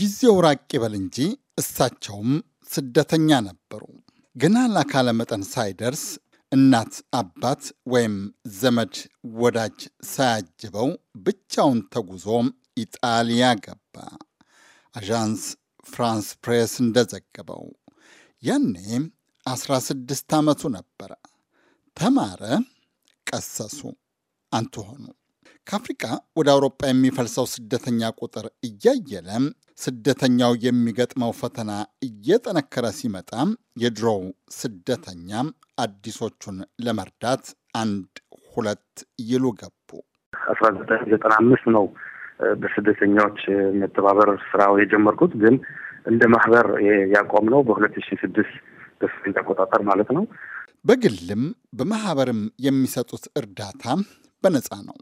ጊዜው ራቅ ይበል እንጂ እሳቸውም ስደተኛ ነበሩ። ገና ለአካለ መጠን ሳይደርስ እናት አባት ወይም ዘመድ ወዳጅ ሳያጅበው ብቻውን ተጉዞ ኢጣሊያ ገባ። አዣንስ ፍራንስ ፕሬስ እንደዘገበው ያኔ 16 ዓመቱ ነበረ። ተማረ፣ ቀሰሱ፣ አንቱ ሆኑ። ከአፍሪቃ ወደ አውሮጳ የሚፈልሰው ስደተኛ ቁጥር እያየለ ስደተኛው የሚገጥመው ፈተና እየጠነከረ ሲመጣ የድሮው ስደተኛ አዲሶቹን ለመርዳት አንድ ሁለት ይሉ ገቡ። አስራ ዘጠኝ ዘጠና አምስት ነው በስደተኛዎች መተባበር ስራው የጀመርኩት ግን እንደ ማህበር ያቆም ነው በሁለት ሺ ስድስት በስደተኛ አቆጣጠር ማለት ነው። በግልም በማህበርም የሚሰጡት እርዳታ በነፃ ነው።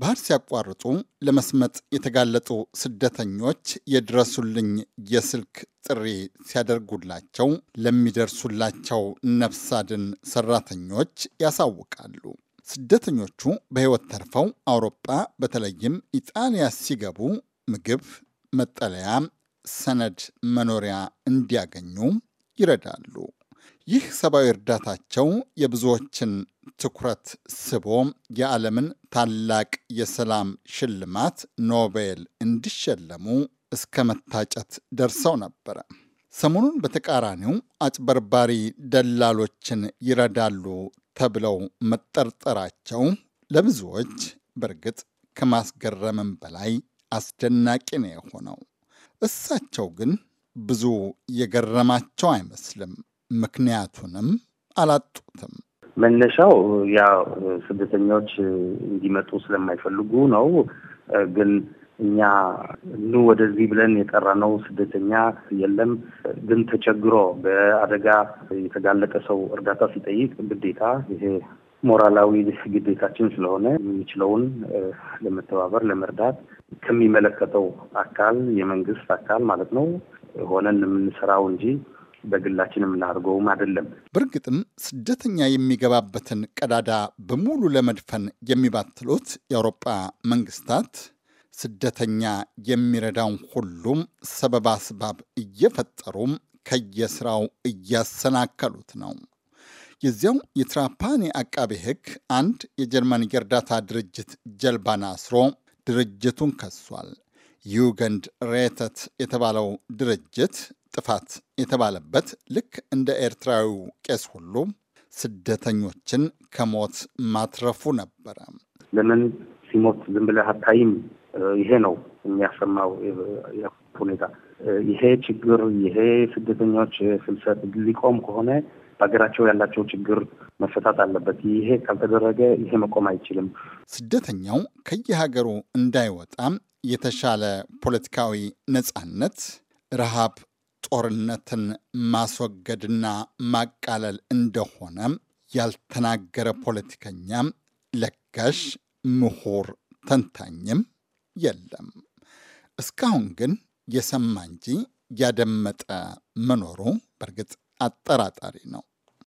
ባህር ሲያቋርጡ ለመስመጥ የተጋለጡ ስደተኞች የድረሱልኝ የስልክ ጥሪ ሲያደርጉላቸው ለሚደርሱላቸው ነፍስ አድን ሰራተኞች ያሳውቃሉ። ስደተኞቹ በሕይወት ተርፈው አውሮፓ በተለይም ኢጣሊያ ሲገቡ ምግብ፣ መጠለያ፣ ሰነድ፣ መኖሪያ እንዲያገኙ ይረዳሉ። ይህ ሰብአዊ እርዳታቸው የብዙዎችን ትኩረት ስቦ የዓለምን ታላቅ የሰላም ሽልማት ኖቤል እንዲሸለሙ እስከ መታጨት ደርሰው ነበረ። ሰሞኑን በተቃራኒው አጭበርባሪ ደላሎችን ይረዳሉ ተብለው መጠርጠራቸው ለብዙዎች በእርግጥ ከማስገረምም በላይ አስደናቂ ነው የሆነው። እሳቸው ግን ብዙ የገረማቸው አይመስልም። ምክንያቱንም አላጡትም። መነሻው ያው ስደተኞች እንዲመጡ ስለማይፈልጉ ነው። ግን እኛ ኑ ወደዚህ ብለን የጠራነው ስደተኛ የለም። ግን ተቸግሮ በአደጋ የተጋለጠ ሰው እርዳታ ሲጠይቅ ግዴታ ይሄ ሞራላዊ ግዴታችን ስለሆነ የሚችለውን ለመተባበር ለመርዳት ከሚመለከተው አካል የመንግስት አካል ማለት ነው ሆነን የምንሰራው እንጂ በግላችን ላድርገውም አይደለም። በእርግጥም ስደተኛ የሚገባበትን ቀዳዳ በሙሉ ለመድፈን የሚባትሉት የአውሮጳ መንግስታት ስደተኛ የሚረዳውን ሁሉም ሰበብ አስባብ እየፈጠሩም ከየስራው እያሰናከሉት ነው። የዚያው የትራፓኒ አቃቤ ሕግ አንድ የጀርመን የእርዳታ ድርጅት ጀልባን አስሮ ድርጅቱን ከሷል። ዩገንድ ሬተት የተባለው ድርጅት ጥፋት የተባለበት ልክ እንደ ኤርትራዊ ቄስ ሁሉ ስደተኞችን ከሞት ማትረፉ ነበረ። ለምን ሲሞት ዝም ብለህ አታይም? ይሄ ነው የሚያሰማው ሁኔታ። ይሄ ችግር ይሄ ስደተኞች ፍልሰት ሊቆም ከሆነ በሀገራቸው ያላቸው ችግር መፈታት አለበት። ይሄ ካልተደረገ ይሄ መቆም አይችልም። ስደተኛው ከየሀገሩ እንዳይወጣም የተሻለ ፖለቲካዊ ነጻነት፣ ረሃብ ጦርነትን ማስወገድና ማቃለል እንደሆነ ያልተናገረ ፖለቲከኛም ለጋሽ ምሁር ተንታኝም የለም። እስካሁን ግን የሰማ እንጂ ያደመጠ መኖሩ በእርግጥ አጠራጣሪ ነው።